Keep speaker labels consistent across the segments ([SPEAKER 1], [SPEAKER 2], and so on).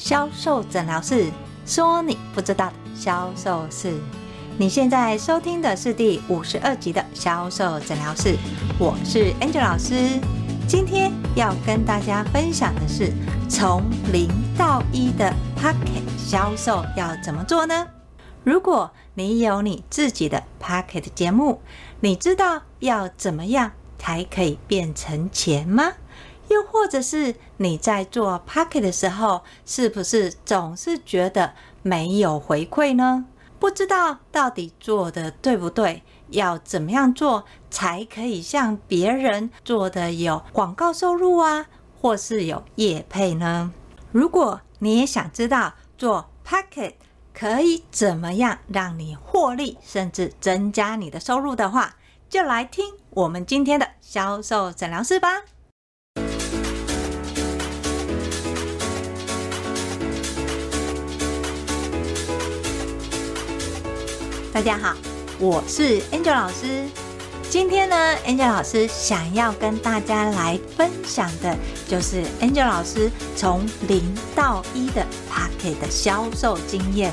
[SPEAKER 1] 銷售診療室說：“你不知道的銷售事，你現在收聽的是第五十二集的銷售診療室。我是 Angel 老師，今天要跟大家分享的是從零到一的 podcast 銷售要怎麼做呢？如果你有你自己的 podcast 節目，你知道要怎麼樣才可以變成錢嗎？”又或者是你在做 podcast 的時候，是不是總是覺得沒有回饋呢？不知道到底做的對不對，要怎麼樣做才可以像別人做的有廣告收入啊，或是有業配呢？如果你也想知道做 podcast 可以怎麼樣讓你獲利，甚至增加你的收入的話，就來聽我們今天的銷售診療室吧。大家好，我是 Angel 老師。今天呢，Angel 老師想要跟大家來分享的，就是 Angel 老師從零到一的 podcast 的銷售經驗。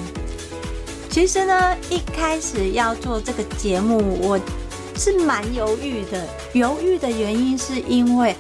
[SPEAKER 1] 其實呢，一開始要做這個節目，我是蠻猶豫的。猶豫的原因是因為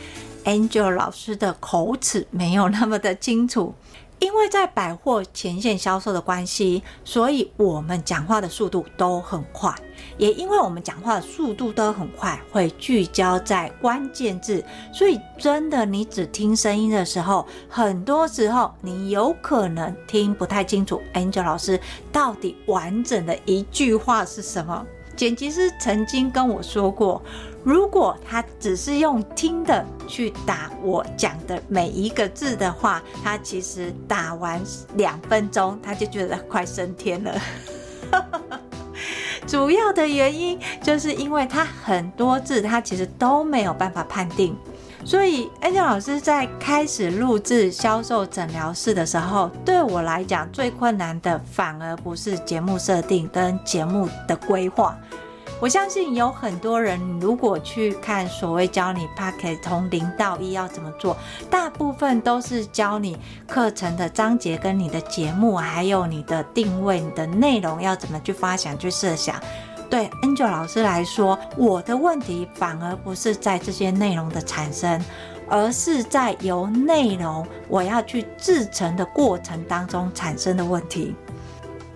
[SPEAKER 1] Angel 老師的口齒沒有那麼的清楚。因為在百貨前線銷售的關係，所以我們講話的速度都很快。也因為我們講話的速度都很快，會聚焦在關鍵字，所以真的，你只聽聲音的時候，很多時候你有可能聽不太清楚 Angel 老師到底完整的一句話是什麼。剪輯師曾經跟我說過。如果他只是用聽的去打我講的每一個字的話，他其實打完兩分鐘，他就覺得快升天了。 主要的原因就是因為他很多字他其實都沒有辦法判定，所以安健老師在開始錄制銷售診療室的時候，對我來講最困難的反而不是節目設定跟節目的規劃。我相信有很多人，如果去看所謂“教你 podcast 從零到一要怎麼做”，大部分都是教你課程的章節、跟你的節目，還有你的定位、你的內容要怎麼去發想、去設想。對 Angel 老師來說，我的問題反而不是在這些內容的產生，而是在由內容我要去制成的過程當中產生的問題。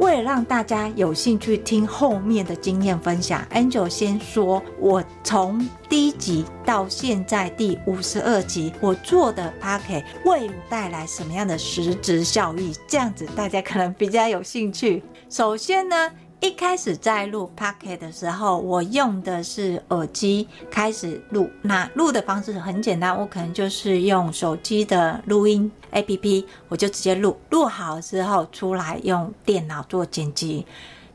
[SPEAKER 1] 為了讓大家有興趣聽後面的經驗分享，Angel 先說，我從第一集到現在第五十二集，我做的 Podcast 為我帶來什麼樣的實質效益？這樣子大家可能比較有興趣。首先呢。一開始在錄 Podcast 的時候，我用的是耳機開始錄。那錄的方式很簡單，我可能就是用手機的錄音 APP，我就直接錄，錄好了之後出來用電腦做剪輯，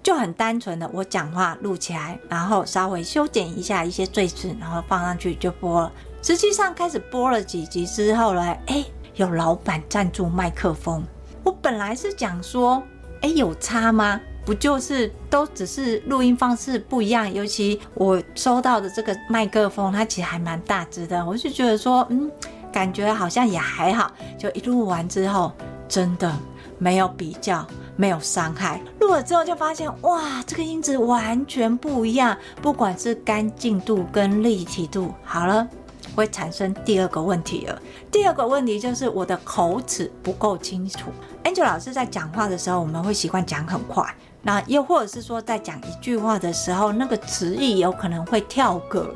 [SPEAKER 1] 就很單純的我講話錄起來，然後稍微修剪一下一些贅字，然後放上去就播了。實際上開始播了幾集之後呢，欸，有老板贊助麥克風，我本來是講說，欸，有差嗎？不就是都只是錄音方式不一樣，尤其我收到的這個麥克風，它其實還蠻大隻的，我就覺得說，嗯，感覺好像也還好。就一錄完之後，真的沒有比較，沒有傷害。錄了之後就發現，哇，這個音質完全不一樣，不管是乾淨度跟立體度。好了，會產生第二個問題了。第二個問題就是我的口齒不夠清楚。Angel 老師在講話的時候，我們會習慣講很快。那又或者是說，在講一句話的時候，那個詞義有可能會跳格，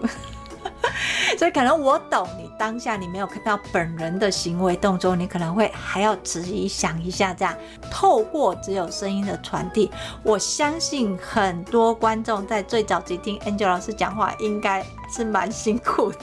[SPEAKER 1] 所以可能我懂你當下你沒有看到本人的行為動作，你可能會還要仔細想一下。這樣透過只有聲音的傳遞，我相信很多觀眾在最早期聽 Angel 老師講話，應該是蠻辛苦的。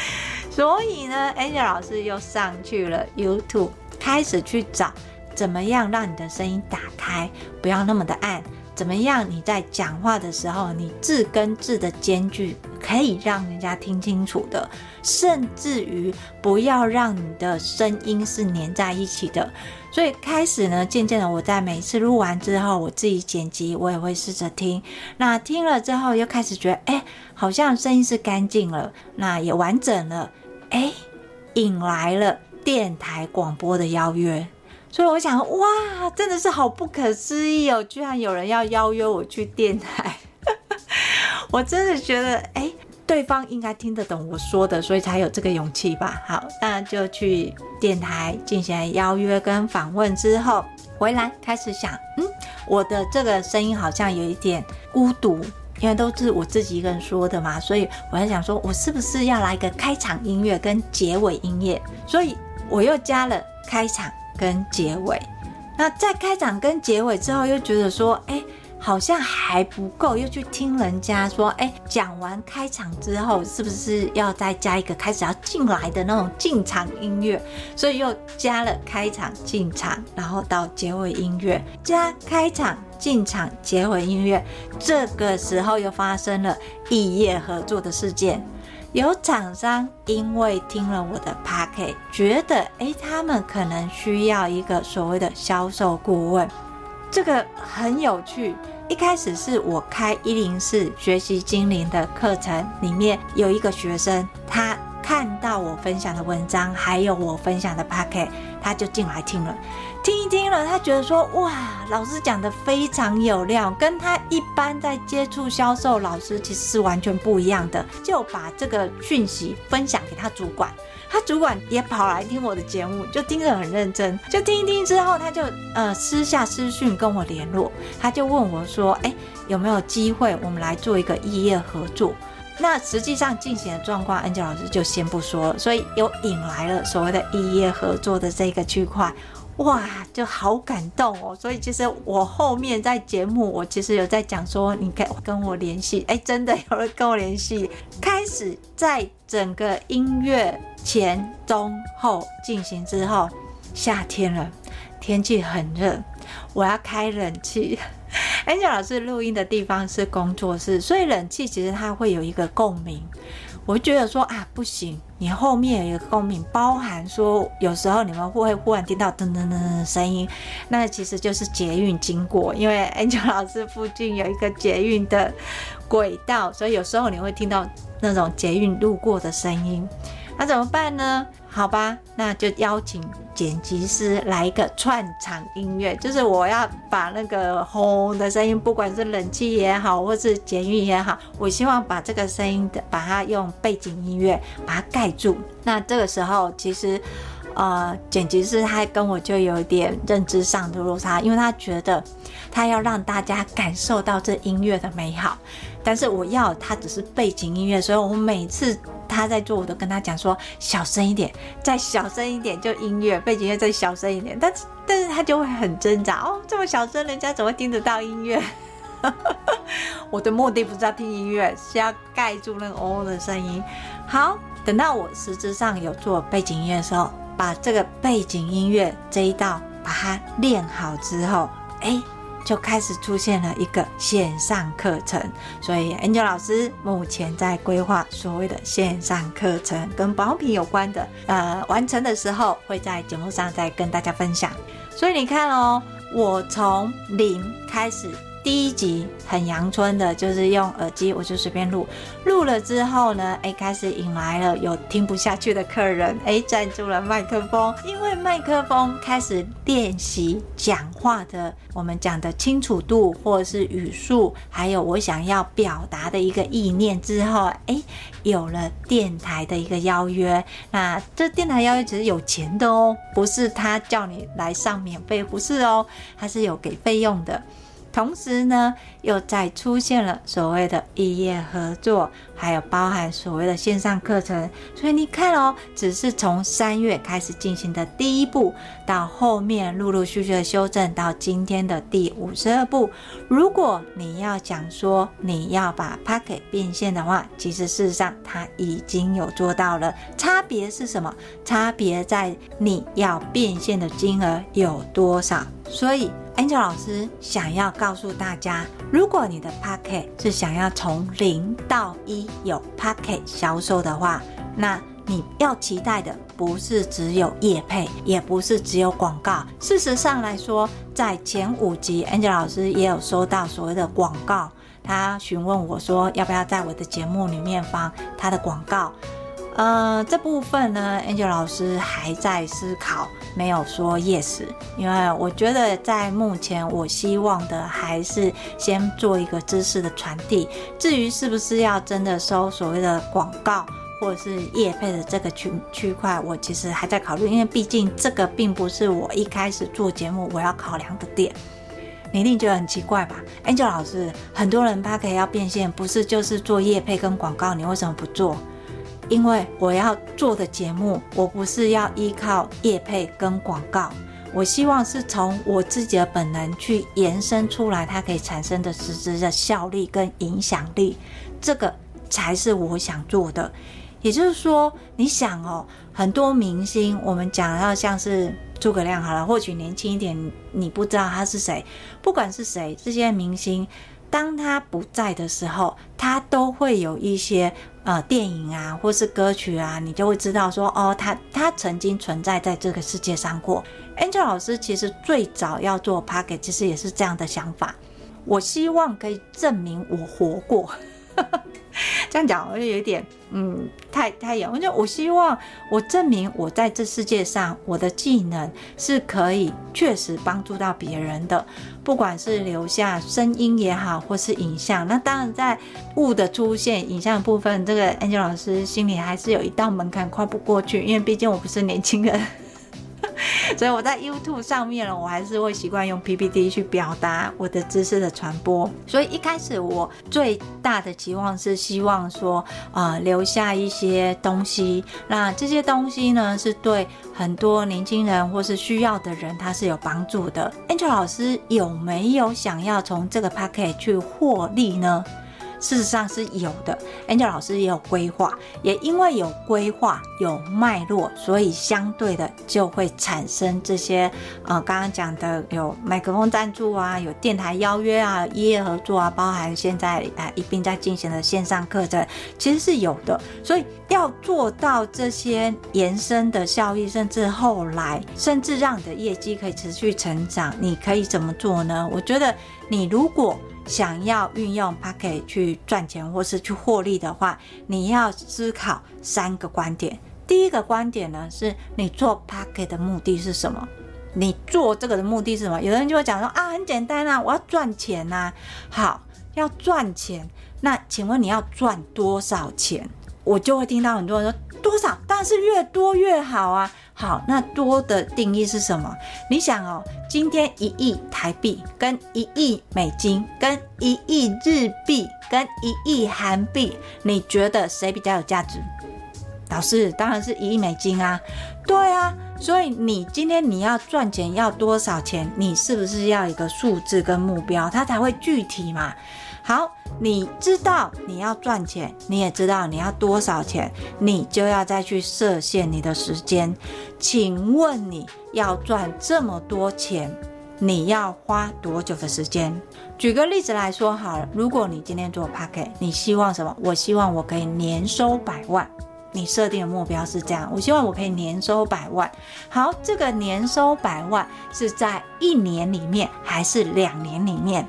[SPEAKER 1] 所以呢 Angel 老師又上去了 YouTube，開始去找。怎麼樣讓你的聲音打開，不要那麼的暗？怎麼樣你在講話的時候，你字跟字的間距可以讓人家聽清楚的，甚至於不要讓你的聲音是粘在一起的。所以開始呢，漸漸的，我在每次錄完之後，我自己剪輯，我也會試着聽。那聽了之後，又開始覺得，哎，好像聲音是乾淨了，那也完整了，哎，引來了電台廣播的邀約。所以我想，哇，真的是好不可思議哦！居然有人要邀約我去電台， 我真的覺得，哎、欸，對方應該聽得懂我說的，所以才有這個勇氣吧。好，那就去電台進行邀約跟訪問之後，回來開始想，嗯，我的這個聲音好像有一點孤獨，因為都是我自己一個人說的嘛，所以我在想，說我是不是要來一個開場音樂跟結尾音樂？所以我又加了開場。跟結尾，那在開場跟結尾之後，又覺得說，哎、欸，好像還不夠，又去聽人家說，哎、欸，講完開場之後，是不是要再加一個開始要進來的那種進場音樂？所以又加了開場進場，然後到結尾音樂加開場進場結尾音樂，這個時候又發生了異業合作的事件。有廠商因為聽了我的 package 覺得誒他們可能需要一個所謂的銷售顧問，這個很有趣。一開始是我開一零四學習精靈的課程，裡面有一個學生，他，看到我分享的文章，還有我分享的 podcast，他就進來聽了，聽一聽了，他覺得說哇，老師講得非常有料，跟他一般在接觸銷售老師其實是完全不一樣的，就把這個訊息分享給他主管，他主管也跑來聽我的節目，就聽得很認真，就聽一聽之後，他就呃私下私訊跟我聯絡，他就問我說，哎、欸，有沒有機會我們來做一個異業合作？那實際上進行的狀況，安杰老師就先不說了，所以又引來了所謂的異業合作的這個區塊，哇，就好感動哦。所以其實我後面在節目，我其實有在講說，你可以跟我聯繫，哎、欸，真的有人跟我聯繫。開始在整個音樂前、中、後進行之後，夏天了，天氣很熱，我要開冷氣。Angel 老師錄音的地方是工作室，所以冷氣其實它會有一個共鳴。我覺得說啊，不行，你後面有一個共鳴，包含說有時候你們會忽然聽到噔噔噔噔的聲音，那其實就是捷運經過，因為 Angel 老師附近有一個捷運的軌道，所以有時候你會聽到那種捷運路過的聲音。那怎麼辦呢？好吧，那就邀請剪輯師來一個串場音樂，就是我要把那個轟的聲音，不管是冷氣也好，或是捷運也好，我希望把這個聲音的把它用背景音樂把它蓋住。那這個時候，其實呃，剪輯師他跟我就有點認知上的落差，因為他覺得他要讓大家感受到這音樂的美好，但是我要它只是背景音樂，所以我每次。他在做，我都跟他講說小聲一點，再小聲一點，就音樂背景音樂再小聲一點。但是但是他就會很掙扎哦，這麼小聲，人家怎麼聽得到音樂？ 我的目的不是要聽音樂，是要蓋住那個嗡嗡的聲音。好，等到我實質上有做背景音樂的時候，把這個背景音樂這一道把它練好之後，哎、欸。就開始出現了一個線上課程，所以 Angela 老師目前在規劃所謂的線上課程，跟保養品有關的，呃，完成的時候會在節目上再跟大家分享。所以你看哦，我從零開始。第一集很陽春的，就是用耳機，我就隨便錄。錄了之後呢，誒、欸，開始引來了有聽不下去的客人，誒、欸，贊助了麥克風。因為麥克風開始練習講話的，我們講的清楚度，或者是語速，還有我想要表達的一個意念之後，誒、欸，有了電台的一個邀約。那這電台邀約其實有錢的哦、喔，不是他叫你來上免費，不是哦、喔，他是有給費用的。同時呢，又再出現了所謂的異業合作，還有包含所謂的線上課程。所以你看哦，只是從三月開始進行的第一步，到後面陸陸續續的修正，到今天的第五十二步。如果你要講說你要把 Podcast 變現的話，其實事實上它已經有做到了。差別是什麼？差別在你要變現的金額有多少。所以。Angel 老師想要告訴大家，如果你的 Podcast 是想要從零到一有 Podcast 銷售的話，那你要期待的不是只有業配，也不是只有廣告。事實上來說，在前五集，Angel 老師也有收到所謂的廣告，他詢問我說要不要在我的節目裡面放他的廣告。呃，這部分呢，Angel 老師還在思考，沒有說 yes，因為我覺得在目前，我希望的還是先做一個知識的傳遞。至於是不是要真的收所謂的廣告或者是業配的這個區區塊，我其實還在考慮，因為畢竟這個並不是我一開始做節目我要考量的點。你一定覺得很奇怪吧？Angel 老師，很多人他可以要變現，不是就是做業配跟廣告，你為什麼不做？因為我要做的節目，我不是要依靠業配跟廣告，我希望是從我自己的本能去延伸出來，它可以產生的實質的效力跟影響力，這個才是我想做的。也就是說，你想哦，很多明星，我們講要像是諸葛亮好了，或許年輕一點，你不知道他是誰，不管是誰，這些明星。當他不在的時候，他都會有一些呃電影啊，或是歌曲啊，你就會知道說，哦，他他曾經存在在這個世界上過。Angel 老師其實最早要做 Podcast 其實也是這樣的想法，我希望可以證明我活過。 這樣講我就有點，嗯，太太遠。我就我希望我證明我在這世界上，我的技能是可以確實幫助到別人的，不管是留下聲音也好，或是影像。那當然，在物的出現、影像的部分，這個 Angel 老師心裡還是有一道門檻跨不過去，因為畢竟我不是年輕人。 所以我在 YouTube 上面呢，我還是會習慣用 PPT 去表達我的知識的傳播。所以一開始我最大的期望是希望說，啊，留下一些東西。那這些東西呢，是對很多年輕人或是需要的人，他是有幫助的。Angel 老師有沒有想要從這個 podcast 去獲利呢？事實上是有的，Angel 老師也有規劃，也因為有規劃、有脈絡，所以相對的就會產生這些啊，剛剛講的有麥克風贊助啊，有電台邀約啊，異業合作啊，包含現在啊一併在進行的線上課程，其實是有的。所以要做到這些延伸的效益，甚至後來，甚至讓你的業績可以持續成長，你可以怎麼做呢？我覺得你如果想要運用 podcast 去賺錢或是去獲利的話，你要思考三個觀點。第一個觀點呢，是你做 podcast 的目的是什麼？你做這個的目的是什麼？有人就會講說啊，很簡單啊，我要賺錢啊。好，要賺錢，那請問你要賺多少錢？我就會聽到很多人說多少，但是越多越好啊。好，那多的定義是什麼？你想哦，今天一億台幣跟一億美金跟一億日幣跟一億韓幣，你覺得誰比較有價值？老師，當然是—一億美金啊！對啊，所以你今天你要賺錢要多少錢？你是不是要一個數字跟目標，它才會具體嘛？好，你知道你要賺錢，你也知道你要多少錢，你就要再去設限你的時間。請問你要賺這麼多錢，你要花多久的時間？舉個例子來說好了，如果你今天做 Podcast，你希望什麼？我希望我可以年收百萬。你設定的目標是這樣，我希望我可以年收百萬。好，這個年收百萬是在一年裡面，還是兩年裡面？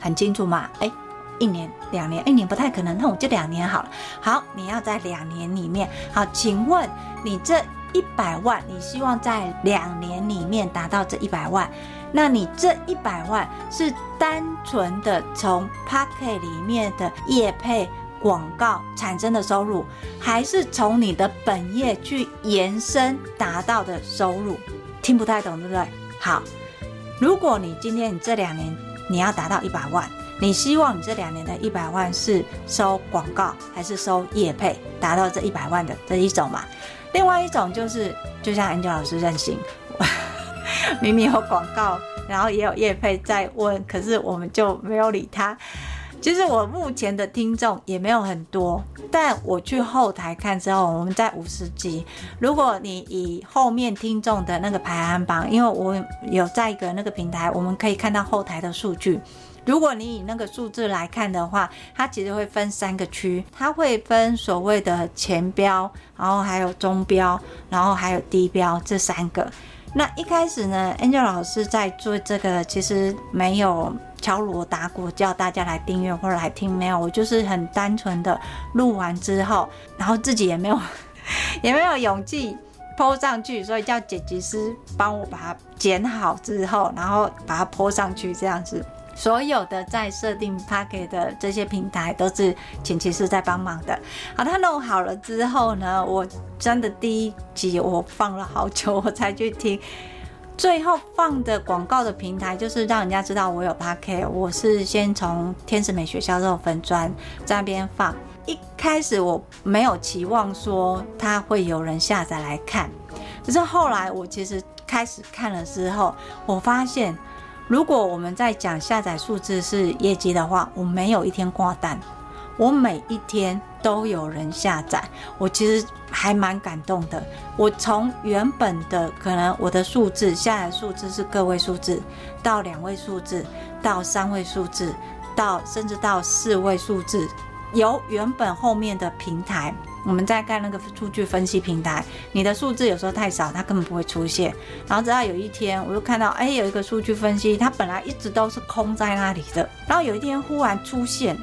[SPEAKER 1] 很清楚嗎？哎、欸，一年、兩年，一年不太可能，那我就兩年好了。好，你要在兩年裡面。好，請問你這一百萬，你希望在兩年裡面達到這一百萬？那你這一百萬是單純的從 podcast 裡面的業配廣告產生的收入，還是從你的本業去延伸達到的收入？聽不太懂，對不對？好，如果你今天你這兩年。你要達到一百萬，你希望你這兩年的一百萬是收廣告還是收業配？達到這一百萬的這一種嘛？另外一種就是，就像 Angel 老師任性，明明有廣告，然後也有業配在問，可是我們就沒有理他。其實我目前的聽眾也沒有很多，但我去後台看之後，我們在五十幾。如果你以後面聽眾的那個排行榜，因為我有在一個那個平台，我們可以看到後台的數據。如果你以那個數字來看的話，它其實會分三個區，它會分所謂的前標，然後還有中標，然後還有低標這三個。那一開始呢，Angel 老師在做這個其實沒有。敲鑼打鼓叫大家來訂閱或者來聽，沒有，我就是很單純的錄完之後，然後自己也沒有也沒有勇氣 po 上去，所以叫剪輯師幫我把它剪好之後，然後把它 po 上去這樣子。所有的在設定 Podcast 的這些平台都是剪輯師在幫忙的。好，他弄好了之後呢，我真的第一集我放了好久我才去聽。最後放的廣告的平台，就是讓人家知道我有 Podcast，我是先從天使美學銷售粉專在那邊放，一開始我沒有期望說它會有人下載來看，可是後來我其實開始看了之後，我發現如果我們在講下載數字是業績的話，我沒有一天掛蛋。我每一天都有人下載，我其實還蠻感動的。我從原本的可能我的數字下載數字是個位數字，到兩位數字，到三位數字，到甚至到四位數字。由原本後面的平台，我們在看那個數據分析平台，你的數字有時候太少，它根本不會出現。然後直到有一天，我就看到，哎，有一個數據分析，它本來一直都是空在那裡的，然後有一天忽然出現。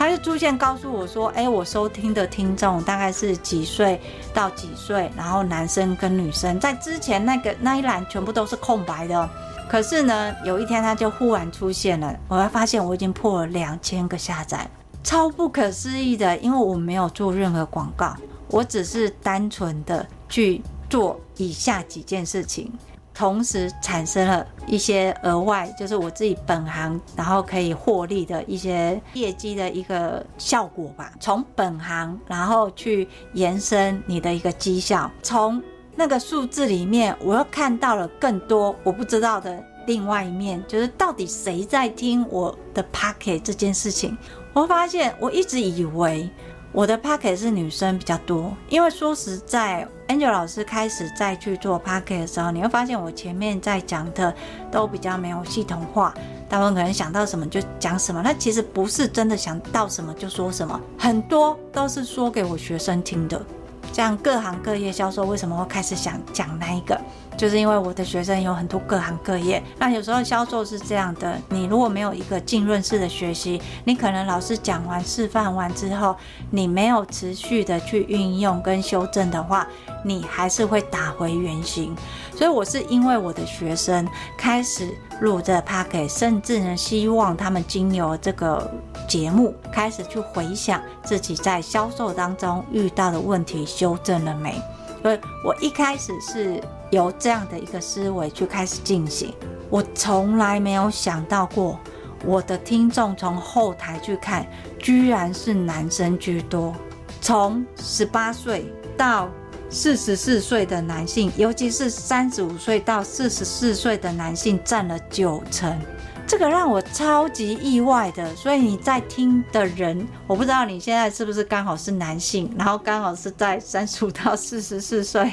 [SPEAKER 1] 他就逐漸告訴我說：“誒、欸，我收聽的聽眾大概是幾歲到幾歲，然後男生跟女生，在之前那個那一欄全部都是空白的。可是呢，有一天他就忽然出現了，我發現我已經破了兩千個下載，超不可思議的，因為我沒有做任何廣告，我只是單純的去做以下幾件事情。”同時產生了一些額外，就是我自己本行，然後可以獲利的一些業績的一個效果吧。從本行，然後去延伸你的一個績效，從那個數字裡面，我又看到了更多我不知道的另外一面，就是到底誰在聽我的 podcast 這件事情。我發現我一直以為。我的 podcast 是女生比較多，因為說實在，Angel 老師開始在去做 podcast 的時候，你會發現我前面在講的都比較沒有系統化，他們可能想到什麼就講什麼，那其實不是真的想到什麼就說什麼，很多都是說給我學生聽的，像各行各業銷售為什麼會開始想講那一個。就是因為我的學生有很多各行各業，那有時候銷售是這樣的，你如果沒有一個浸潤式的學習，你可能老師講完示範完之後，你沒有持續的去運用跟修正的話，你還是會打回原形。所以我是因為我的學生開始錄這個 Podcast，甚至呢希望他們經由這個節目開始去回想自己在銷售當中遇到的問題，修正了沒？所以我一開始是。由這樣的一個思維去開始進行，我從來沒有想到過，我的聽眾從後台去看，居然是男生居多，從十八歲到四十四歲的男性，尤其是三十五歲到四十四歲的男性佔了九成，這個讓我超級意外的。所以你在聽的人，我不知道你現在是不是剛好是男性，然後剛好是在三十五到四十四歲。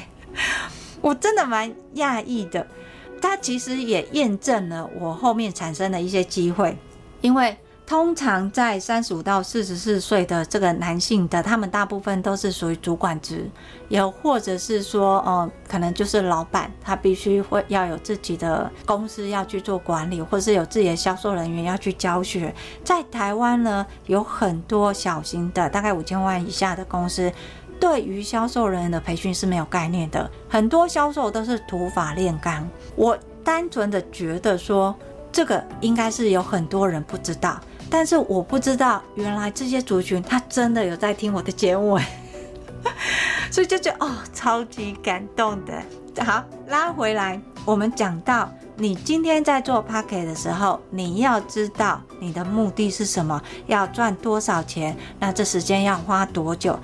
[SPEAKER 1] 我真的蠻訝異的，他其實也驗證了我後面產生的一些機會，因為通常在三十五到四十四歲的這個男性的，他們大部分都是屬於主管職，有或者是說，哦、呃，可能就是老闆，他必須會要有自己的公司要去做管理，或是有自己的銷售人員要去教學。在台灣呢，有很多小型的，大概五千萬以下的公司。對於銷售人員的培訓是沒有概念的，很多銷售都是土法煉鋼。我單純的覺得說，這個應該是有很多人不知道，但是我不知道原來這些族群他真的有在聽我的節目， 所以就覺得哦，超級感動的。好，拉回來，我們講到你今天在做 Podcast 的時候，你要知道你的目的是什麼，要賺多少錢，那這時間要花多久？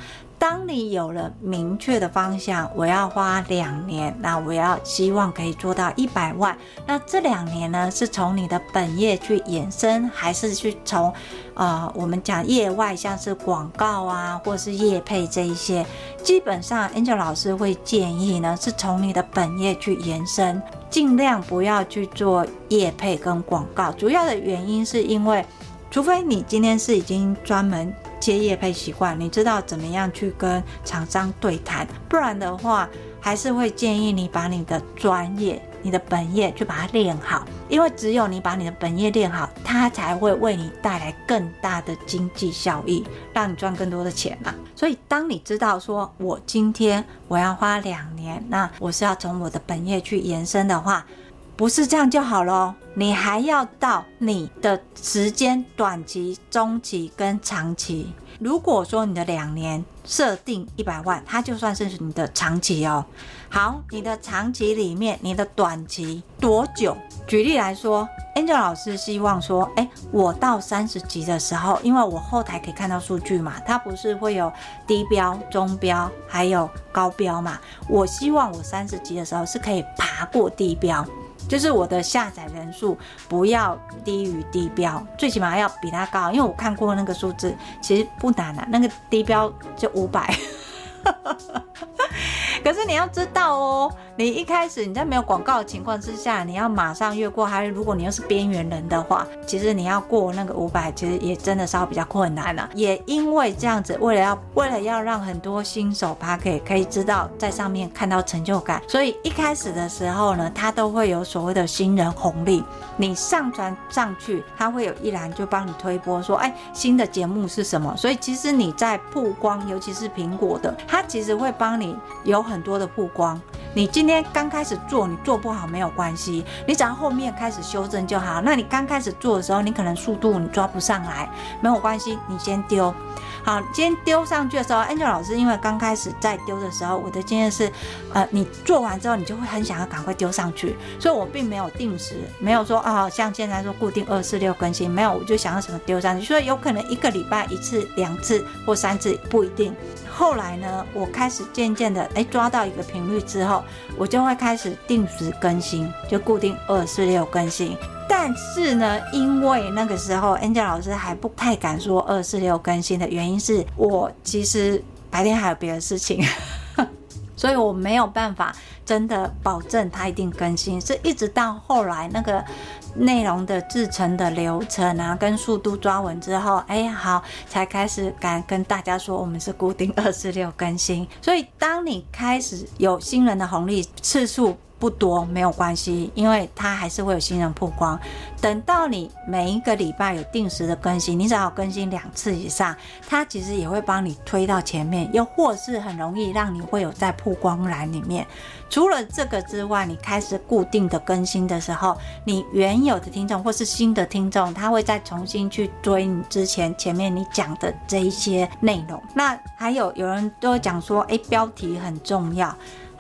[SPEAKER 1] 當你有了明確的方向，我要花兩年，那我要希望可以做到一百萬。那這兩年呢，是從你的本業去延伸，還是去從、呃，我們講業外，像是廣告啊，或是業配這一些？基本上，Angel 老師會建議呢，是從你的本業去延伸，盡量不要去做業配跟廣告。主要的原因是因為，除非你今天是已經專門。些業配習慣，你知道怎麼樣去跟廠商對談？不然的話，還是會建議你把你的專業、你的本業去把它練好，因為只有你把你的本業練好，它才會為你帶來更大的經濟效益，讓你賺更多的錢嘛。所以，當你知道說我今天我要花兩年，那我是要從我的本業去延伸的話，不是這樣就好咯，你還要到你的時間，短期、中期跟長期。如果說你的兩年設定一百萬，它就算是你的長期哦。好，你的長期裡面，你的短期多久？舉例來說，Angel 老師希望說，哎、欸，我到三十集的時候，因為我後台可以看到數據嘛，它不是會有低標、中標還有高標嘛？我希望我三十集的時候是可以爬過低標。就是我的下載人數不要低於低標，最起碼要比他高，因為我看過那個數字，其實不難啊，那個低標就五百。 可是你要知道哦，你一開始，你在沒有廣告的情況之下，你要馬上越過它。還是如果你又是邊緣人的話，其實你要過那個五百，其實也真的稍微比較困難了，啊。也因為這樣子，為了要為了要讓很多新手趴可以可以知道在上面看到成就感，所以一開始的時候呢，它都會有所謂的新人紅利。你上傳上去，它會有一欄就幫你推播說，哎、欸，新的節目是什麼？所以其實你在曝光，尤其是蘋果的，它其實會幫你有很。很多的曝光，你今天剛開始做，你做不好沒有關係，你只要後面開始修正就好。那你剛開始做的時候，你可能速度你抓不上來，沒有關係，你先丟。好，今天丟上去的時候，Angel 老師因為剛開始在丟的時候，我的經驗是，呃，你做完之後你就會很想要趕快丟上去，所以我並沒有定時，沒有說啊像現在說固定二四六更新，沒有，我就想要什麼丟上去，所以有可能一個禮拜一次、兩次或三次不一定。後來呢，我開始漸漸的哎、欸、抓到一個頻率之後，我就會開始定時更新，就固定二四六更新。但是呢，因為那個時候 Angela 老師還不太敢說二四六更新的原因是，我其實白天還有別的事情。所以我沒有辦法真的保證它一定更新，是一直到後來那個內容的制成的流程啊跟速度抓穩之後，哎，好，才開始敢跟大家說我們是固定二四六更新。所以當你開始有新人的紅利次數。不多沒有關係，因為它還是會有新人曝光。等到你每一個禮拜有定時的更新，你只要更新兩次以上，它其實也會幫你推到前面，又或是很容易讓你會有在曝光欄裡面。除了這個之外，你開始固定的更新的時候，你原有的聽眾或是新的聽眾，他會再重新去追你之前前面你講的這一些內容。那還有有人都講說，誒，標題很重要。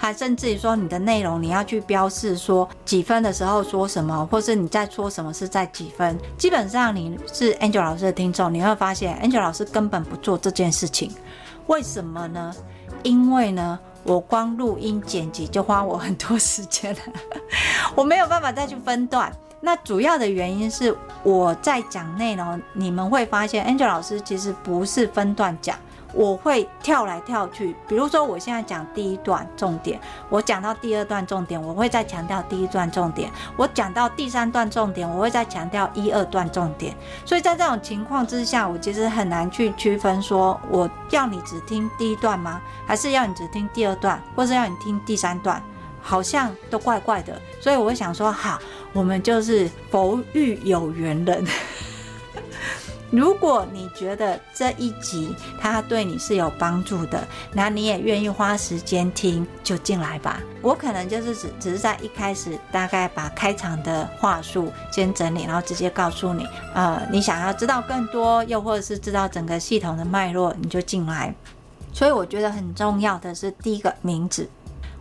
[SPEAKER 1] 還甚至於說，你的內容你要去標示說幾分的時候說什麼，或是你在說什麼是在幾分。基本上你是 Angel 老師的聽眾，你會發現 Angel 老師根本不做這件事情。為什麼呢？因為呢，我光錄音剪輯就花我很多時間了， 我沒有辦法再去分段。那主要的原因是我在講內容，你們會發現 Angel 老師其實不是分段講。我會跳來跳去，比如說我現在講第一段重點，我講到第二段重點，我會再強調第一段重點；我講到第三段重點，我會再強調一二段重點。所以在這種情況之下，我其實很難去區分說，說我要你只聽第一段嗎？還是要你只聽第二段，或是要你聽第三段？好像都怪怪的。所以我想說，哈，我們就是佛遇有緣人。如果你覺得這一集它對你是有幫助的，那你也願意花時間聽，就進來吧。我可能就是只只是在一開始大概把開場的話術先整理，然後直接告訴你，呃，你想要知道更多，又或者是知道整個系統的脈絡，你就進來。所以我覺得很重要的是第一個名字。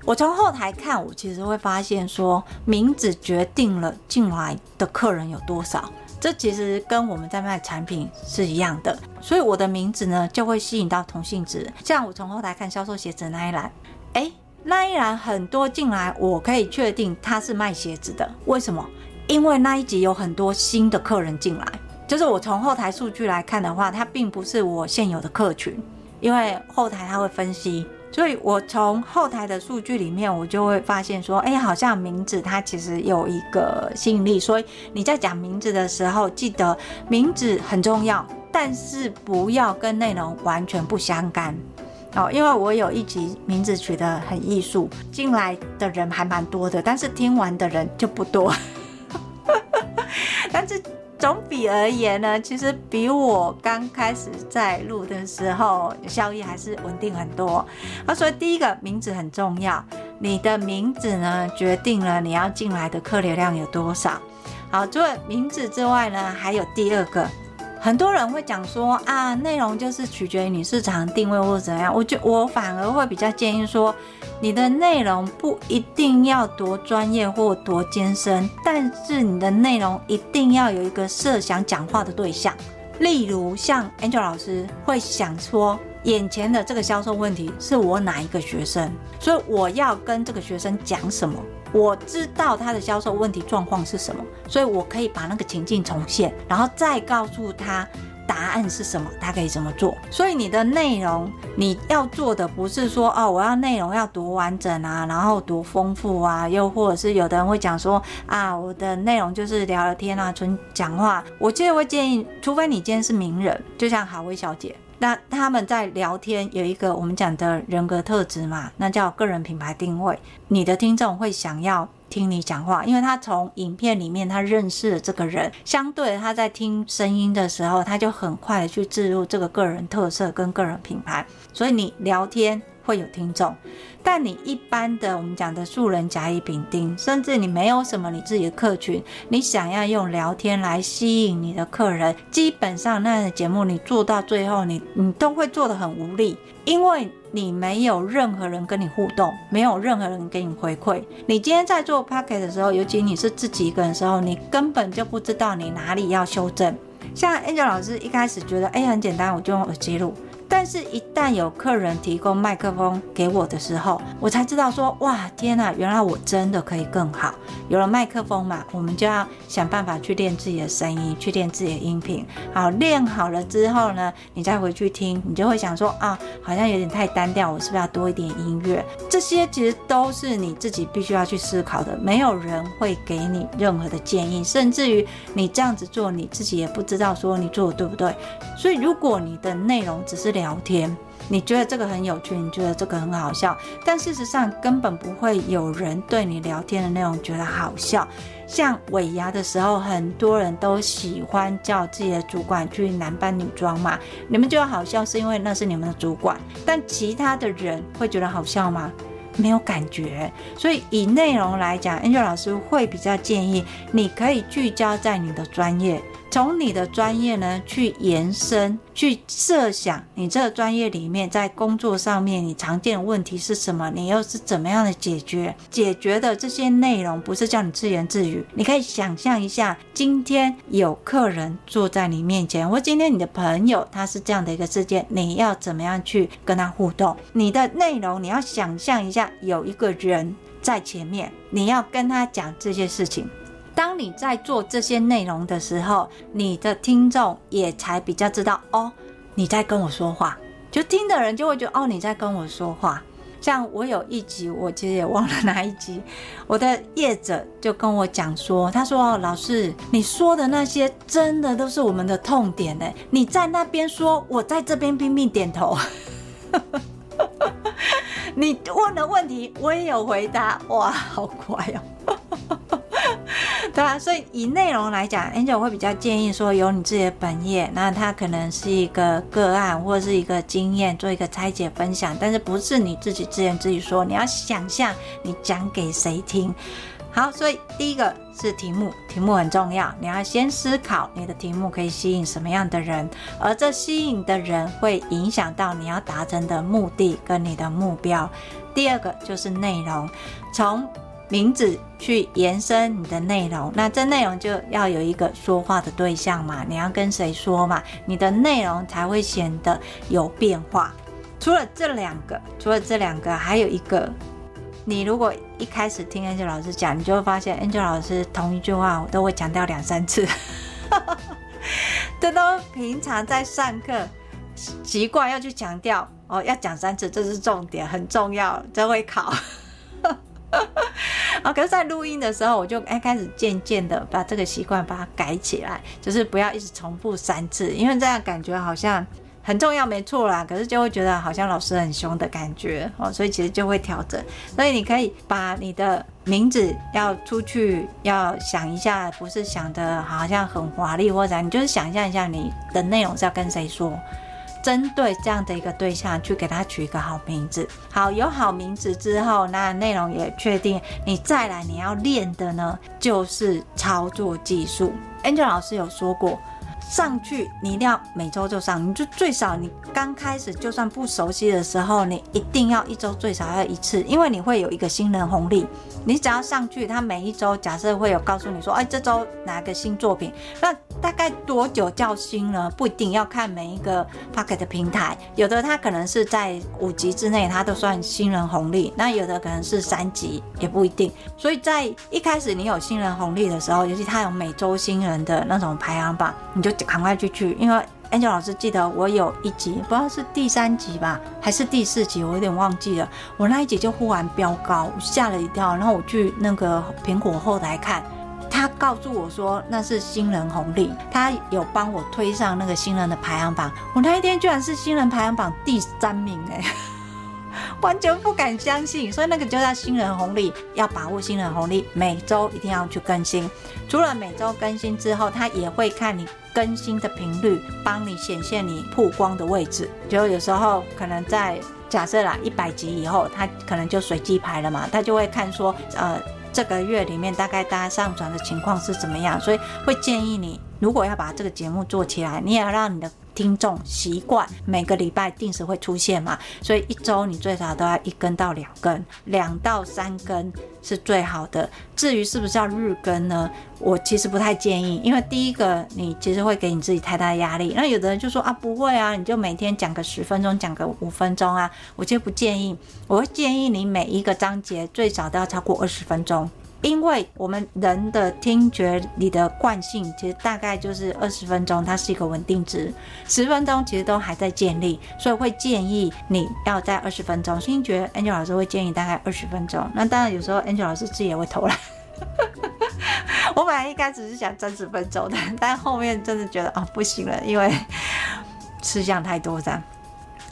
[SPEAKER 1] 我從後台看，我其實會發現說，名字決定了進來的客人有多少。這其實跟我們在賣的產品是一樣的，所以我的名字呢，就會吸引到同性質。像我從後台看銷售鞋子的那一欄，哎，那一欄很多進來，我可以確定他是賣鞋子的。為什麼？因為那一集有很多新的客人進來，就是我從後台數據來看的話，他並不是我現有的客群，因為後台他會分析。所以，我從後台的數據裡面，我就會發現說，哎、欸，好像名字它其實有一個吸引力。所以你在講名字的時候，記得名字很重要，但是不要跟內容完全不相干哦。因為我有一集名字取得很藝術，進來的人還蠻多的，但是聽完的人就不多。 但是。總比而言呢，其實比我剛開始在錄的時候效益還是穩定很多。所以第一個名字很重要，你的名字呢決定了你要進來的客流量有多少。好，除了名字之外呢，還有第二個。很多人會講說啊，內容就是取決於你市場定位或怎樣，我就我反而會比較建議說，你的內容不一定要多專業或多艱深，但是你的內容一定要有一個設想講話的對象，例如像 Angel 老師會想說。眼前的這個銷售問題是我哪一個學生，所以我要跟這個學生講什麼？我知道他的銷售問題狀況是什麼，所以我可以把那個情境重現，然後再告訴他答案是什麼，他可以怎麼做。所以你的內容你要做的不是說哦，我要內容要多完整啊，然後多豐富啊，又或者是有的人會講說啊，我的內容就是聊聊天啊，純講話。我其實會建議，除非你今天是名人，就像好味小姐。那他們在聊天，有一個我們講的人格特質嘛，那叫個人品牌定位。你的聽眾會想要聽你講話，因為他從影片裡面他認識了這個人，相對他在聽聲音的時候，他就很快去置入這個個人特色跟個人品牌，所以你聊天會有聽眾。但你一般的我們講的素人甲乙丙丁，甚至你沒有什麼你自己的客群，你想要用聊天來吸引你的客人，基本上那樣的節目你做到最後你，你你都會做得很無力，因為你沒有任何人跟你互動，沒有任何人給你回饋。你今天在做 podcast 的時候，尤其你是自己一個人的時候，你根本就不知道你哪裡要修正。像 Angel 老師一開始覺得，哎、欸，很簡單，我就用耳機錄。但是，一旦有客人提供麥克風給我的時候，我才知道說，哇，天哪，原來我真的可以更好。有了麥克風嘛，我們就要想辦法去練自己的聲音，去練自己的音頻。好，練好了之後呢，你再回去聽，你就會想說，啊，好像有點太單調，我是不是要多一點音樂？這些其實都是你自己必須要去思考的。沒有人會給你任何的建議，甚至於你這樣子做，你自己也不知道說你做的對不對。所以，如果你的內容只是連聊天，你覺得這個很有趣，你覺得這個很好笑，但事實上根本不會有人對你聊天的內容覺得好笑。像尾牙的時候，很多人都喜歡叫自己的主管去男扮女裝嘛，你們覺得好笑是因為那是你們的主管，但其他的人會覺得好笑嗎？沒有感覺。所以以內容來講，Angel 老師會比較建議你可以聚焦在你的專業。從你的專業呢，去延伸，去設想你這個專業裡面在工作上面你常見的問題是什麼？你又是怎麼樣的解決？解決的這些內容不是叫你自言自語，你可以想象一下，今天有客人坐在你面前，或今天你的朋友他是這樣的一個事件，你要怎麼樣去跟他互動？你的內容你要想象一下，有一個人在前面，你要跟他講這些事情。當你在做這些內容的時候，你的聽眾也才比較知道哦，你在跟我說話，就聽的人就會覺得哦，你在跟我說話。像我有一集，我其實也忘了哪一集，我的業者就跟我講說，他說哦，老師，你說的那些真的都是我們的痛點呢，你在那邊說，我在這邊拼命點頭。 你問的問題，我也有回答，哇，好快哦。 對啊，所以以內容來講，Angel 會比較建議說，有你自己的本業，那它可能是一個個案或者是一個經驗，做一個拆解分享，但是不是你自己自言自語說，你要想象你講給誰聽。好，所以第一個是題目，題目很重要，你要先思考你的題目可以吸引什麼樣的人，而這吸引的人會影響到你要達成的目的跟你的目標。第二個就是內容，從。名字去延伸你的內容，那這內容就要有一個說話的對象嘛，你要跟誰說嘛，你的內容才會顯得有變化。除了這兩個，除了這兩個，還有一個，你如果一開始聽 Angie 老師講，你就會發現 Angie 老師同一句話我都會強調兩三次，這 都平常在上課習慣要去強調哦，要講三次，這是重點，很重要，真會考。啊，可是，在錄音的時候，我就哎開始漸漸的把這個習慣把它改起來，就是不要一直重複三次，因為這樣感覺好像很重要，沒錯啦，可是就會覺得好像老師很凶的感覺哦，所以其實就會調整。所以你可以把你的名字要出去，要想一下，不是想得好像很華麗或者，你就是想象一下你的內容是要跟誰說。針對這樣的一個對象，去給他取一個好名字。好，有好名字之後，那內容也確定，你再來你要練的呢，就是操作技術。Angel 老師有說過。上去你一定要每週就上，你就最少你剛開始就算不熟悉的時候，你一定要一週最少要一次，因為你會有一個新人紅利。你只要上去，他每一週假設會有告訴你說，哎、欸，這週哪個新作品，那大概多久叫新呢？不一定要看每一個 podcast 的平台，有的他可能是在五集之內，他都算新人紅利，那有的可能是三集，也不一定。所以在一開始你有新人紅利的時候，尤其他有每週新人的那種排行榜，你就。就趕快去去，因為 Angel 老師記得我有一集，不知道是第三集吧，還是第四集，我有點忘記了。我那一集就忽然飆高，嚇了一跳。然後我去那個蘋果後台看，他告訴我說那是新人紅利，他有幫我推上那個新人的排行榜。我那一天居然是新人排行榜第三名、欸，哎。完全不敢相信，所以那個就叫新人紅利，要把握新人紅利。每周一定要去更新，除了每周更新之後，他也會看你更新的頻率，幫你顯現你曝光的位置。就有時候可能在假設啦，一百集以後，他可能就隨機排了嘛，他就會看說，呃，這個月裡面大概大家上傳的情況是怎麼樣，所以會建議你，如果要把這個節目做起來，你也要讓你的。聽眾習慣每個禮拜定時會出現嘛，所以一周你最少都要一更到兩更，兩到三更是最好的。至於是不是要日更呢？我其實不太建議，因為第一個你其實會給你自己太大的壓力。那有的人就說啊，不會啊，你就每天講個十分鐘，講個五分鐘啊，我就不建議。我會建議你每一個章節最少都要超過二十分鐘。因為我們人的聽覺你的慣性，其實大概就是二十分鐘，它是一個穩定值。十分鐘其實都還在建立，所以會建議你要在二十分鐘。聽覺，Angel 老師會建議大概二十分鐘。那當然有時候 Angel 老師自己也會偷懶。 我本來一開始是想爭十分鐘的，但後面真的覺得哦，不行了，因為吃相太多這樣。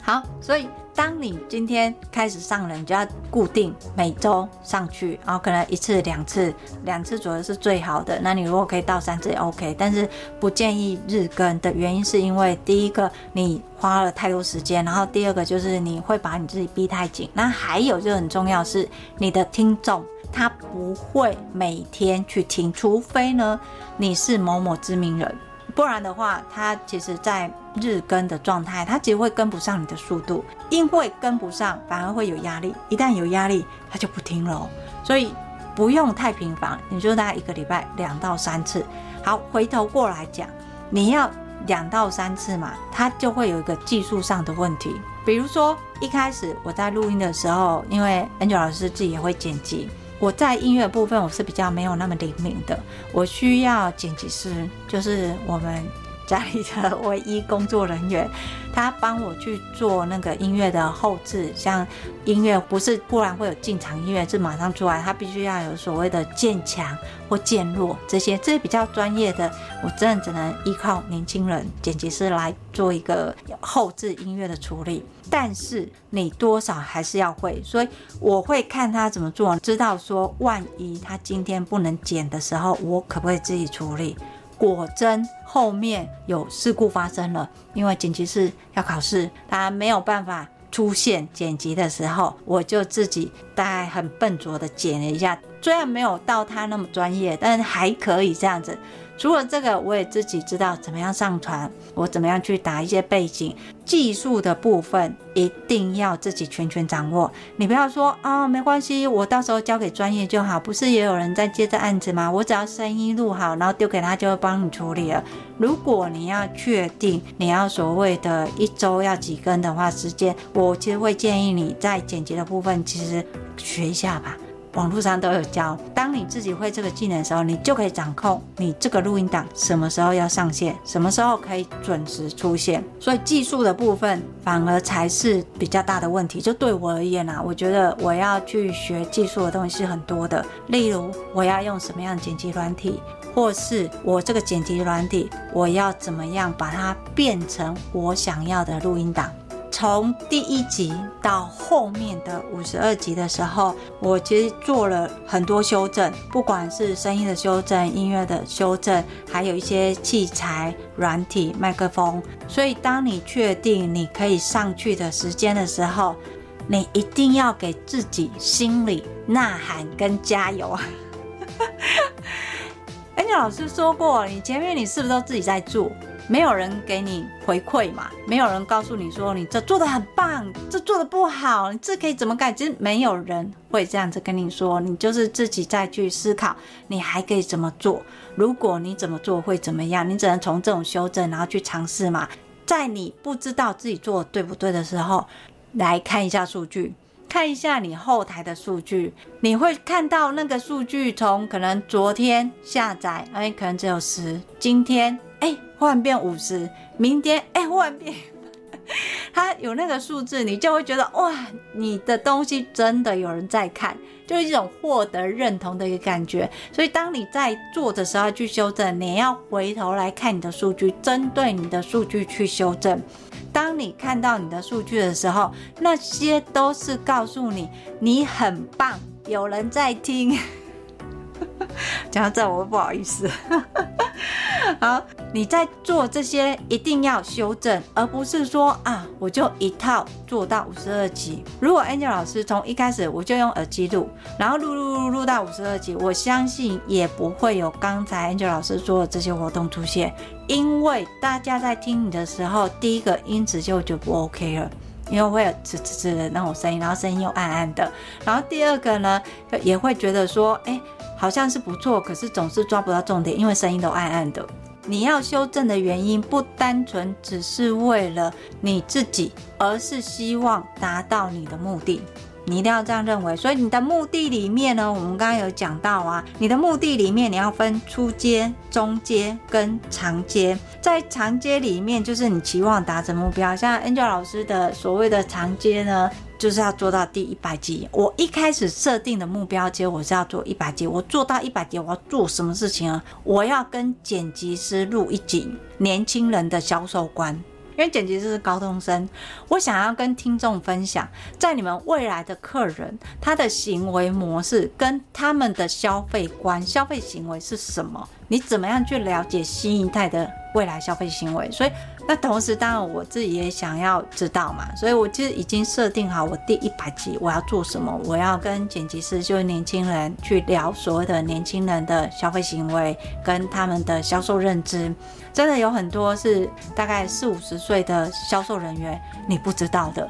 [SPEAKER 1] 好，所以。當你今天開始上人，你就要固定每周上去，然後可能一次兩次，兩次左右是最好的。那你如果可以到三次也 OK，但是不建議日更的原因是因為第一個你花了太多時間，然後第二個就是你會把你自己逼太緊。那還有就很重要是你的聽眾他不會每天去聽，除非呢你是某某知名人。不然的話，它其實在日更的狀態，它其實會跟不上你的速度，因為跟不上，反而會有壓力。一旦有壓力，它就不聽了。所以不用太頻繁，你就大概一個禮拜兩到三次。好，回頭過來講，你要兩到三次嘛，它就會有一個技術上的問題。比如說，一開始我在錄音的時候，因為 N 九老師自己也會剪輯。我在音樂部分我是比較沒有那麼靈敏的，我需要剪輯師，就是我們家裡的唯一工作人員，他幫我去做那個音樂的後製，像音樂不是突然會有進場音樂，是馬上出來，他必須要有所謂的漸強或漸弱這些，這些比較專業的，我真的只能依靠年輕人剪輯師來做一個後製音樂的處理。但是你多少還是要會，所以我會看他怎麼做，知道說萬一他今天不能剪的時候，我可不可以自己處理？果真後面有事故發生了，因為剪輯師要考試，他沒有辦法出現剪輯的時候，我就自己大概很笨拙的剪了一下，雖然沒有到他那麼專業，但是還可以這樣子。除了這個，我也自己知道怎麼樣上傳，我怎麼樣去打一些背景技術的部分，一定要自己全權掌握。你不要說啊、哦，沒關係，我到時候交給專業就好。不是也有人在接這案子嗎？我只要聲音錄好，然後丟給他就會幫你處理了。如果你要確定你要所謂的一周要幾更的話時間，時間我其實會建議你在剪輯的部分，其實學一下吧。網絡上都有教，當你自己會這個技能的時候，你就可以掌控你這個錄音檔什麼時候要上線，什麼時候可以準時出現。所以技術的部分反而才是比較大的問題。就對我而言吶，我覺得我要去學技術的東西是很多的，例如我要用什麼樣的剪輯軟體，或是我這個剪輯軟體我要怎麼樣把它變成我想要的錄音檔。從第一集到後面的五十二集的時候，我其實做了很多修正，不管是聲音的修正、音樂的修正，還有一些器材、軟體、麥克風。所以，當你確定你可以上去的時間的時候，你一定要給自己心裡吶喊跟加油。哎， 你老師說過，你前面你是不是都自己在做？沒有人給你回饋嘛？沒有人告訴你說你這做的很棒，這做的不好，你這可以怎麼改進？其實沒有人會這樣子跟你說，你就是自己再去思考，你還可以怎麼做？如果你怎麼做會怎麼樣？你只能從這種修正，然後去嘗試嘛。在你不知道自己做的對不對的時候，來看一下數據，看一下你後台的數據，你會看到那個數據從可能昨天下載，哎，可能只有十，今天。萬變五十，明天哎、欸、萬變，它有那個數字，你就會覺得哇，你的東西真的有人在看，就是一種獲得認同的一個感覺。所以當你在做的時候要去修正，你要回頭來看你的數據，針對你的數據去修正。當你看到你的數據的時候，那些都是告訴你你很棒，有人在聽。講 到這，我不好意思。好，你在做這些一定要修正，而不是說啊，我就一套做到五十二集。如果 Angel 老師從一開始我就用耳機錄，然後錄錄錄錄到五十二集，我相信也不會有剛才 Angel 老師做的這些活動出現，因為大家在聽你的時候，第一個音質就就不 OK 了，因為會有吱吱吱的那種聲音，然後聲音又暗暗的，然後第二個呢，也會覺得說，哎、欸。好像是不錯，可是總是抓不到重點，因為聲音都暗暗的。你要修正的原因不單純只是為了你自己，而是希望達到你的目的。你一定要這樣認為。所以你的目的裡面呢，我們剛剛有講到啊，你的目的裡面你要分初階、中階跟長階。在長階裡面，就是你期望達成目標，像 Angel 老師的所謂的長階呢。就是要做到第一百集。我一開始設定的目標，結果我是要做一百集。我做到一百集，我要做什麼事情呢？我要跟剪輯師錄一集年輕人的銷售觀，因為剪輯師是高中生。我想要跟聽眾分享，在你們未來的客人，他的行為模式跟他們的消費觀、消費行為是什麼？你怎麼樣去了解新一代的未來消費行為？所以，那同時當然我自己也想要知道嘛。所以，我其實已經設定好我第一百集我要做什麼。我要跟剪輯師、就是年輕人去聊所謂的年輕人的消費行為跟他們的銷售認知，真的有很多是大概四五十歲的銷售人員你不知道的。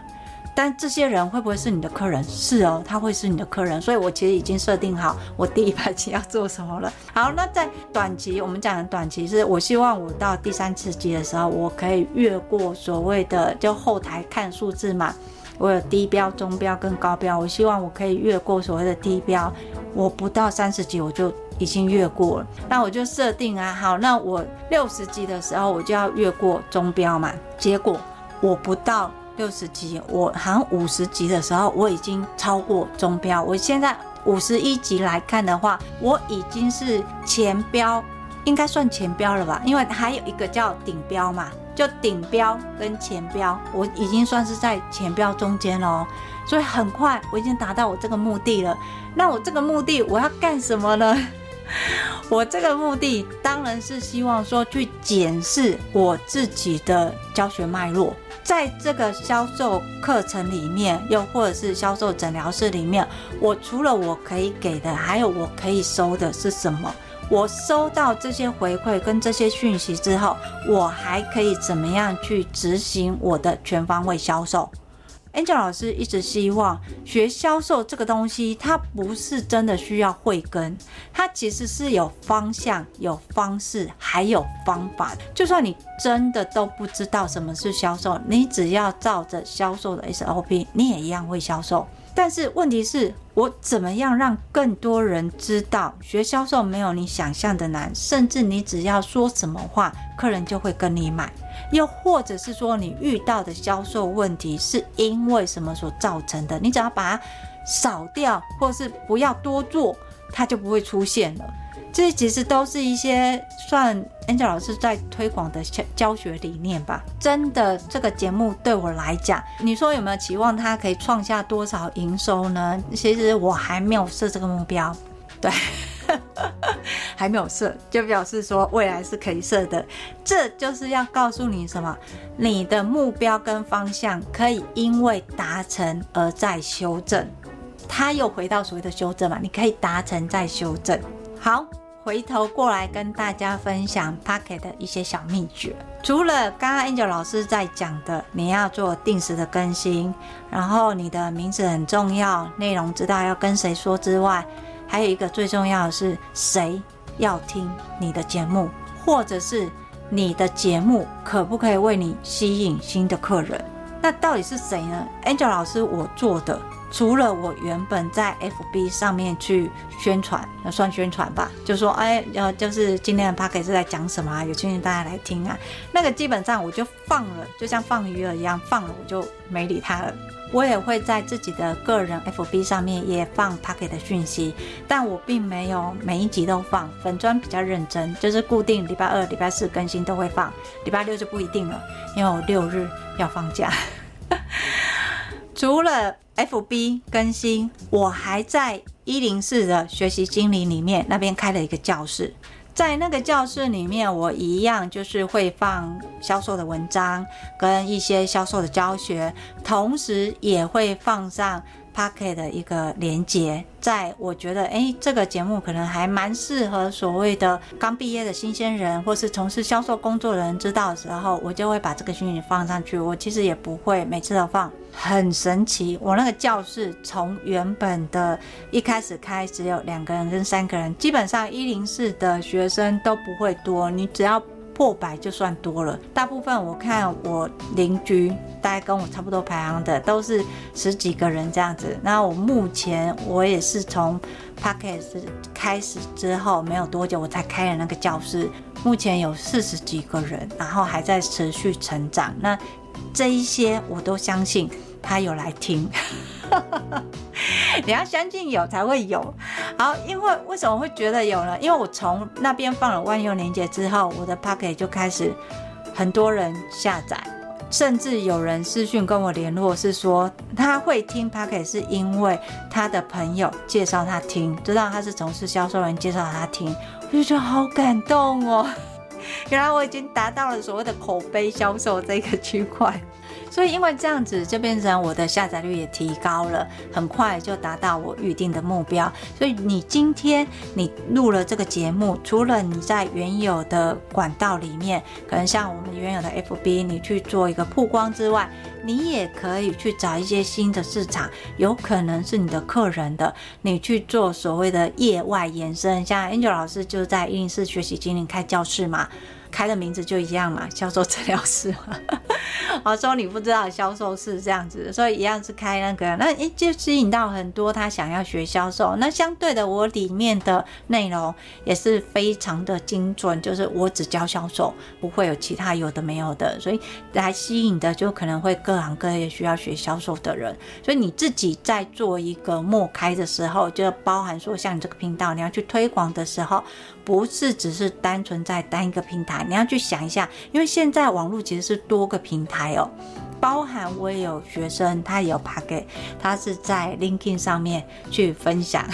[SPEAKER 1] 但這些人會不會是你的客人？是哦，他會是你的客人，所以我其實已經設定好我第一百集要做什麼了。好，那在短期，我們講的短期是我希望我到第三十集的時候，我可以越過所謂的就後台看數字嘛。我有低標、中標跟高標，我希望我可以越過所謂的低標，我不到三十集我就已經越過了。那我就設定啊，好，那我六十集的時候我就要越過中標嘛。結果我不到。六十集，我好像五十集的時候我已經超過中標，我現在五十一集來看的話，我已經是前標，應該算前標了吧？因為還有一個叫頂標嘛，就頂標跟前標，我已經算是在前標中間嘍，所以很快我已經達到我這個目的了。那我這個目的我要幹什麼呢？我這個目的當然是希望說去檢視我自己的教學脈絡，在這個銷售課程裡面，又或者是銷售診療室裡面，我除了我可以給的，還有我可以收的是什麼？我收到這些回饋跟這些訊息之後，我還可以怎麼樣去執行我的全方位銷售？Angel 老師一直希望學銷售這個東西，它不是真的需要慧根，它其實是有方向、有方式、還有方法的。就算你真的都不知道什麼是銷售，你只要照着銷售的 SOP，你也一樣會銷售。但是問題是我怎麼樣讓更多人知道學銷售沒有你想象的難，甚至你只要說什麼話，客人就會跟你買。又或者是說，你遇到的銷售問題是因為什麼所造成的？你只要把它掃掉，或是不要多做，它就不會出現了。這其實都是一些算 Angel 老師在推廣的教學理念吧。真的，這個節目對我來講，你說有沒有期望它可以創下多少營收呢？其實我還沒有設這個目標。對。 還沒有設，就表示說未來是可以設的，這就是要告訴你什麼，你的目標跟方向可以因為達成而再修正，他又回到所謂的修正嘛，你可以達成再修正。好，回頭過來跟大家分享 Podcast 的一些小秘訣，除了剛剛 Angel 老師在講的，你要做定時的更新，然後你的名字很重要，內容知道要跟誰說之外。還有一個最重要的是，誰要聽你的節目，或者是你的節目可不可以為你吸引新的客人？那到底是誰呢？Angel 老師，我做的除了我原本在 FB 上面去宣傳，那算宣傳吧，就說哎，呃、欸，就是今天的 Podcast 是在講什麼啊？有興趣大家來聽啊。那個基本上我就放了，就像放魚餌一樣，放了我就沒理他了。我也會在自己的個人 FB 上面也放 Podcast 的訊息，但我並沒有每一集都放，粉專比較認真，就是固定禮拜二、禮拜四更新都會放，禮拜六就不一定了，因為我六日要放假。 除了 FB 更新，我還在一零四的學習精靈裡面那邊開了一個教室。在那個教室裡面，我一樣就是會放銷售的文章，跟一些銷售的教學，同時也會放上。Podcast 的一個連接，在我覺得，誒、欸，這個節目可能還蠻適合所謂的剛畢業的新鮮人，或是從事銷售工作的人知道的時候，我就會把這個訊息放上去。我其實也不會每次都放，很神奇。我那個教室從原本的一開始開只有兩個人跟三個人，基本上一零四的學生都不會多。你只要，破百就算多了，大部分我看我鄰居，大概跟我差不多排行的，都是十幾個人這樣子。那我目前我也是從 Podcast 開始之後沒有多久，我才開了那個教室，目前有四十幾個人，然後還在持續成長。那這一些我都相信他有來聽。 你要相信有才會有，好，因為為什麼會覺得有呢？因為我從那邊放了萬用連結之後，我的 Pocket 就開始很多人下載，甚至有人私訊跟我聯絡，是說他會聽 Pocket 是因為他的朋友介紹他聽，知道他是從事銷售人介紹他聽，我就覺得好感動哦、喔，原來我已經達到了所謂的口碑銷售這個區塊。所以，因為這樣子就變成我的下載率也提高了，很快就達到我預定的目標。所以，你今天你錄了這個節目，除了你在原有的管道裡面，可能像我們原有的 FB，你去做一個曝光之外，你也可以去找一些新的市場，有可能是你的客人的，你去做所謂的業外延伸。像 Angel 老師就在104學習精靈開教室嘛。開的名字就一樣嘛，叫做診療室，或 者說你不知道銷售是這樣子，所以一樣是開那個，那誒就吸引到很多他想要學銷售。那相對的，我裡面的內容也是非常的精準，就是我只教銷售，不會有其他有的沒有的，所以來吸引的就可能會各行各業需要學銷售的人。所以你自己在做一個默開的時候，就包含說像你這個頻道，你要去推廣的時候。不是只是單純在單一個平台，你要去想一下，因為現在網絡其實是多個平台哦。包含我也有學生，他也有 podcast，他是在 LinkedIn 上面去分享，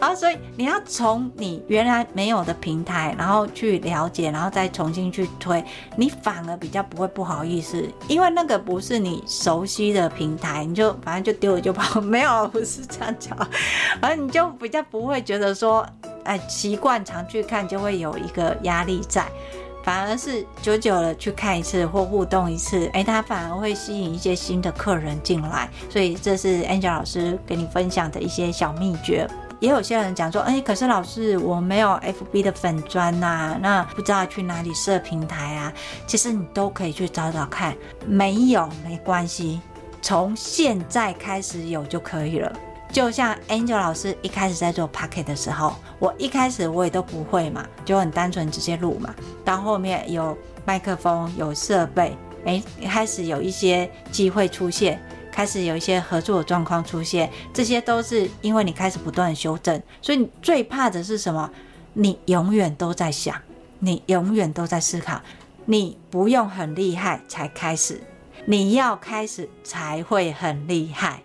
[SPEAKER 1] 啊，所以你要從你原來沒有的平台，然後去了解，然後再重新去推，你反而比較不會不好意思，因為那個不是你熟悉的平台，你就反正就丟了，就跑，沒有，不是這樣講，而你就比較不會覺得說，哎，習慣常去看就會有一個壓力在。反而是久久的去看一次或互動一次，欸，他反而會吸引一些新的客人進來。所以這是 Angel 老師給你分享的一些小秘訣。也有些人講說，欸，可是老師我沒有 FB 的粉專啊，那不知道去哪裡設平台啊？其實你都可以去找找看，沒有沒關係，從現在開始有就可以了。就像 Angel 老師一開始在做 podcast 的時候，我一開始我也都不會嘛，就很單純直接錄嘛。到後面有麥克風、有設備，誒、欸，開始有一些機會出現，開始有一些合作的狀況出現，這些都是因為你開始不斷修正。所以你最怕的是什麼？你永遠都在想，你永遠都在思考。你不用很厲害才開始，你要開始才會很厲害。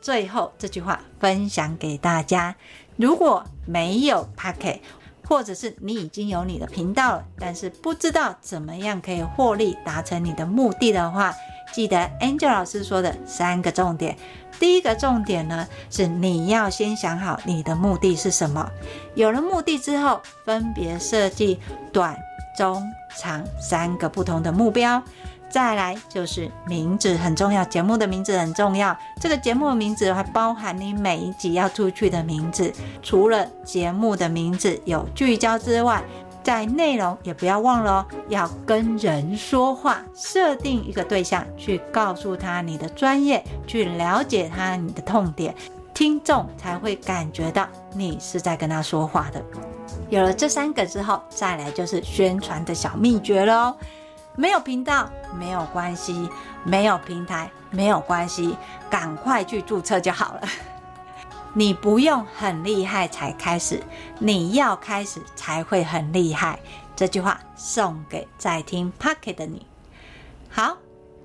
[SPEAKER 1] 最後這句話分享給大家：如果沒有 podcast，或者是你已經有你的頻道了，但是不知道怎麼樣可以獲利、達成你的目的的話，記得 Angel 老師說的三個重點。第一個重點呢，是你要先想好你的目的是什麼。有了目的之後，分別設計短、中、長三個不同的目標。再來就是名字很重要，節目的名字很重要。這個節目的名字還包含你每一集要出去的名字。除了節目的名字有聚焦之外，在內容也不要忘了哦。要跟人說話，設定一個對象去告訴他你的專業，去了解他你的痛點，聽眾才會感覺到你是在跟他說話的。有了這三個之後，再來就是宣傳的小秘訣嘍。沒有頻道沒有關係，沒有平台沒有關係，趕快去註冊就好了。 你不用很厲害才開始，你要開始才會很厲害。這句話送給在聽 Pocket 的你。好，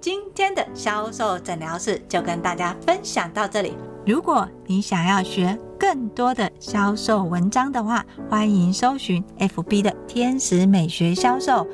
[SPEAKER 1] 今天的銷售診療室就跟大家分享到這裡。如果你想要學更多的銷售文章的話，歡迎搜尋 FB 的天使美學銷售。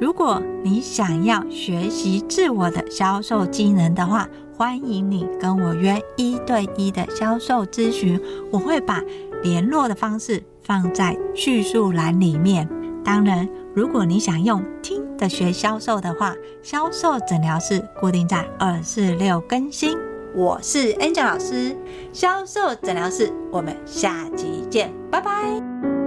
[SPEAKER 1] 如果你想要學習自我的銷售技能的話，歡迎你跟我約一對一的銷售諮詢，我會把聯絡的方式放在敘述欄裡面。當然，如果你想用聽的學銷售的話，銷售診療室固定在二四六更新。我是 Angel 老師，銷售診療室，我們下期見，拜拜。